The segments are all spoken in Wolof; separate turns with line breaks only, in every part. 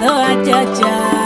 do a é, tchau, tchau.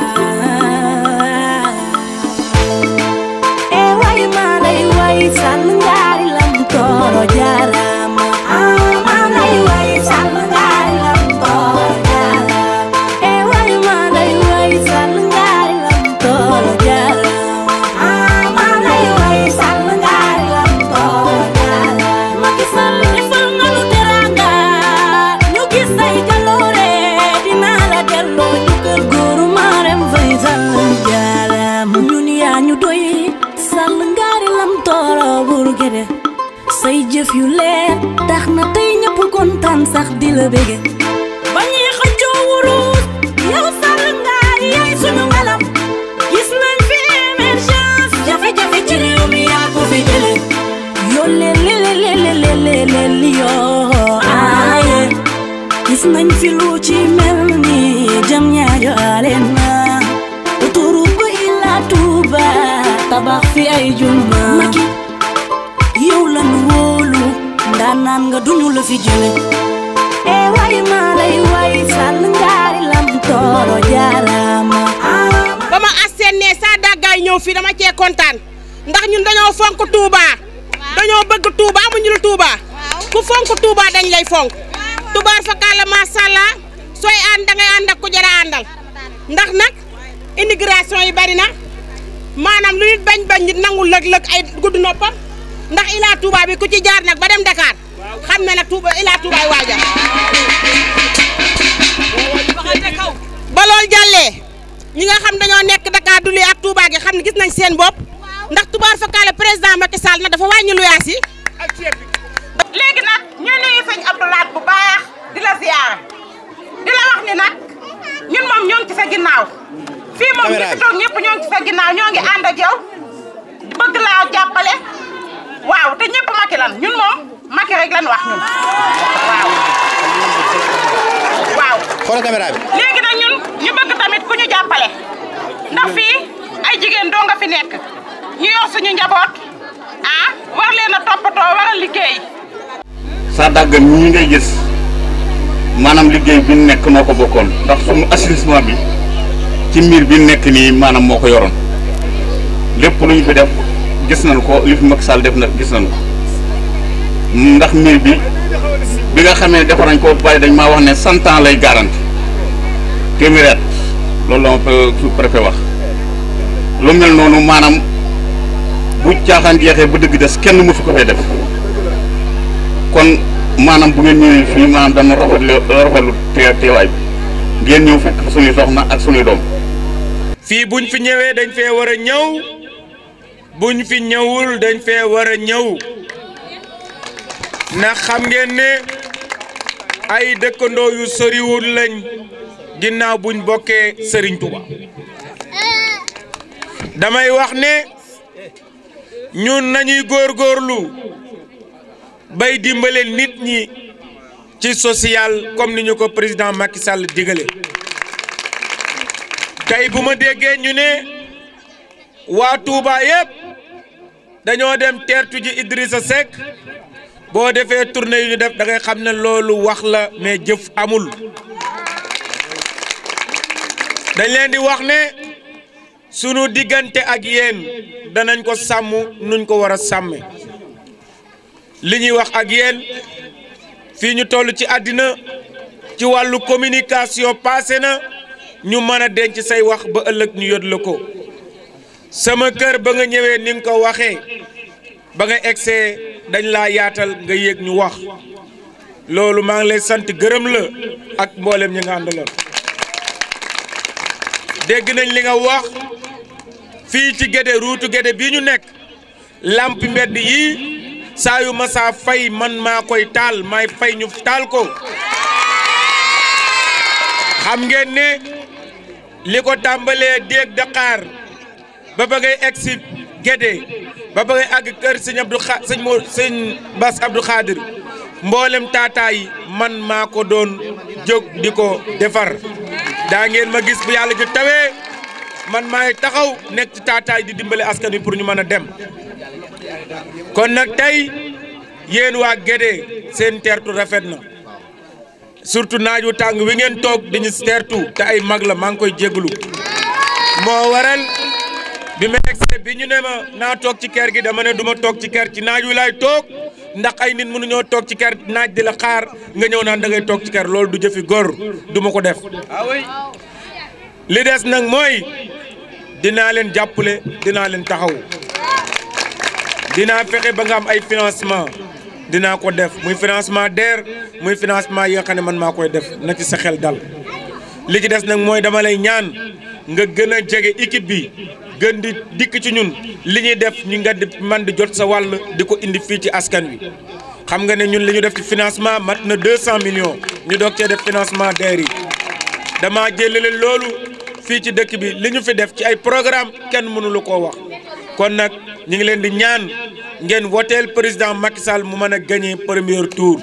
nan nga duñu la fi jëlé é e way ma lay way sal ngaari
lam toro jaarama bama assene sa dagay ñew fi dama ci contane ndax ñun dañoo fonk touba dañoo bëgg touba amuñu lu touba ku fonk touba dañ lay fonk touba fa kala ma sala soy and da ngay and ak ku jara andal ndax nak immigration yi bari na manam lu nit bañ bañ nit nangul leug leug ay gudd noppam ndax ila touba bi ku ci jaar nak ba dem dakar xam ne nag Touba ilaa Toubaay jàllee ñi nga xam dañoo nekk Dakar du lii ak Touba gi xam ne gis nañ seen bopp ndax tubaar fakkaale président Macky Sall na dafa wàññi luyaas yi léegi nag ñu nuyu sëñ Abdoulaat bu baax di la ziyaara di la wax ni nag ñun moom ñoo ci sa ginnaaw fii moom ñi ngi ànd ak yow bëgg laa jàppale waaw te ñëpp Macky ñun moom Macky rek lan wax ñun waaw. waaw. léegi nag ñu bëgg tamit ku ñu jàppale ndax fii ay jigéen doo nga fi nekk ñu yor suñu njaboot ah war leen a toppatoo war a liggéey.
saa dàgg ñi ngay gis maanaam liggéey bi nekk moo ko bokkoon ndax suñu assainissement bi ci miir bi nekk nii maanaam moo ko yoroon lépp lu ñu fi def gis nañ ko li fi Macky Sall def na gis nañ ko. ndax mbir bi bi nga xamee defar nañ ko bàyyi dañ maa wax ne cent lay garanti téeméeri at loolu la ma préfet wax lu mel noonu maanaam bu caaxaan jeexee ba dëgg des kenn mu fi ko fay def kon maanaam bu ngeen ñëwee fii maanaam dana rafetlu rafetlu teewaay bi ngeen ñëw fekk suñuy soxna ak suñuy doom. fii buñ fi ñëwee dañ fee war a ñëw buñ fi ñëwul dañ fee war a ñëw. ndax xam ngeen ne ay dëkkandoo yu soriwul lañ ginnaaw buñ bokkee Serigne Touba damay wax ne ñun nañuy góorgóorlu bay dimbale nit ñi ci social comme ni ñu ko président Macky Sall digale tey bu ma déggee ñu ne waa Touba yëpp dañoo dem teertu ji Idrissa Seck boo defee turne yu ñu def dangay xam ne loolu wax la mais jëf amul dañ leen di wax ne sunu diggante ak yéen danañ ko sàmm nuñ ko war a sàmme li ñuy wax ak yéen fii ñu toll ci àddina ci wàllu communication paase na ñu mën a denc say wax ba ëllëg ñu yót la ko sama kër ba nga ñëwee ni nga ko waxee ba nga egsee dañ laa yaatal nga yéeg ñu wax loolu maa ngi lay sant gërëm la ak mboolem ñi nga àndaloon dégg nañ li nga wax fii ci Guédé ruutu Guédé bii ñu nekk làmp mbedd yi saa yu fay man maa koy taal may fay ñu taal ko xam ngeen ne li ko tàmbalee déeg Dakar ba ba egsi Gede, ba ba ngay àgg kër Abdou xa seigne Bass Abdou Khadir mbollem tata yi man mako don jog diko defar da ngeen ma gis bu yalla ju tawé man may taxaw nek ci yi di dimbale askan yi pour ñu mëna dem kon nak yen yeen wa Gédé seen teertu rafet na surtout naaju tang wi ngeen toog dañu te ay magla mang koy jéglu mo waral bi ma egsee bi ñu ne ma naa toog ci kër gi dama ne du ma toog ci kër ci naaj wi laay toog ndax ay nit mënuñoo toog ci kër naaj di la xaar nga ñëw naan da ngay toog ci kër loolu du jëfi góor du ko def ah li des nag mooy dinaa leen jàppale dinaa leen taxaw dinaa fexe ba nga am ay financement dina ko def muy financement DER muy financement yi nga xam ne man maa koy def na ci sa xel dal li ci des nag mooy dama lay ñaan nga gën a jege équipe bi gën di dik ci ñun li ñi def ñu nga man di jot sa wàll diko indi fi ci askan wi xam nga ne ñun li ñu def ci financement mat na 200 millions ñu dok ci def financement dairy dama jëlale lolu fi ci dekk bi li ñu fi def ci ay programme kenn lu ko wax kon nak ñi ngi leen di ñaan ngeen woteel président Macky Sall mu mëna gagner premier tour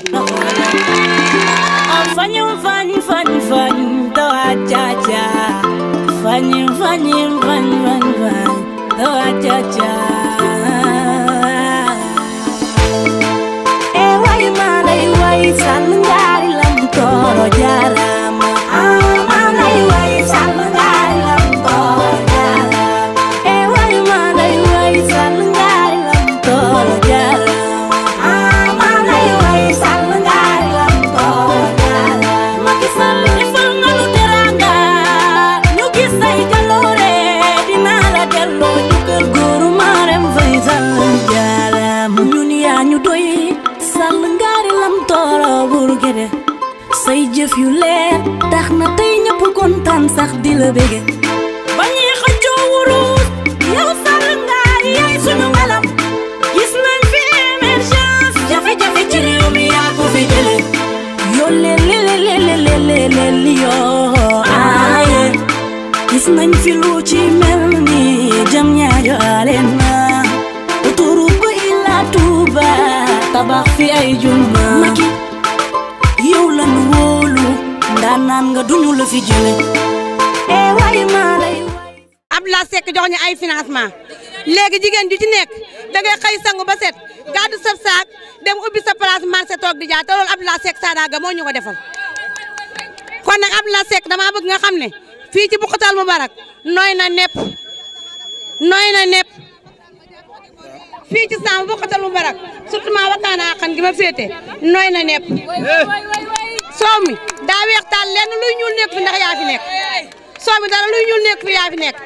fani fani fani fani Vanyim, vanyim, vanyim, vanyim, vanyim, oh, cha, cha. jëf yu leer tax na tey ñëpp kontaan sax di la bége ndaanaan nga duñu la fi jële
eh waay maa lay Abdoulaye Seck jox ñu ay financement léegi jigéen ju ci nekk da ngay xëy sangu ba set gàddu sa saak dem ubbi sa place marché toog di jaay te loolu Abdoulaye Seck Sadaga moo ñu ko defal kon nag Abdoulaye Seck damaa bëgg nga xam ne ci na nepp nooy na nepp fii ci sama Boukhatoul Moubarak surtout ma wakaana xan gi ma na nepp eh, soow mi daa weex taal lenn luy ñuul nekk fi ndax yaa fi soow mi dara luy ñuul nekk fi yaa fi nekk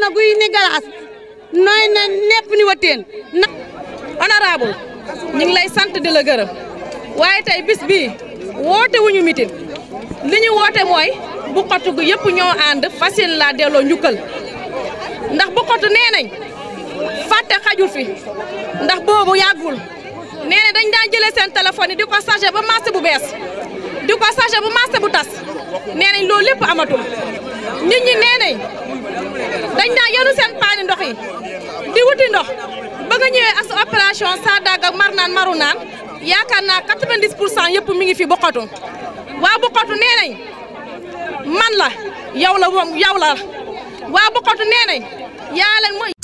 na guy ni galaas nooy na nepp ni wateen na honorable ñu lay sant di la gërëm waaye tey bis bii woote wuñu mitin li ñu woote mooy bu xotu gu yëpp ñoo ànd facile laa delloo njukkal ndax bu xotu nee nañ fàtte xajul fi ndax boobu yàggul nee na dañ daan jëlee seen téléphone yi di ko chargé ba marché bu bees di ko chargé bu marché bu tas nee nañ loolu lépp amatul nit ñi nee nañ dañ daa yenu seen paani ndox di wuti ndox ba ñëwee ak sa opération Sadaga mar naan maru naan yaakaar naa 90 pour yëpp mi ngi fi bokkatu waa bokkatu nee nañ man la yow waa bokkatu nee nañ yaa leen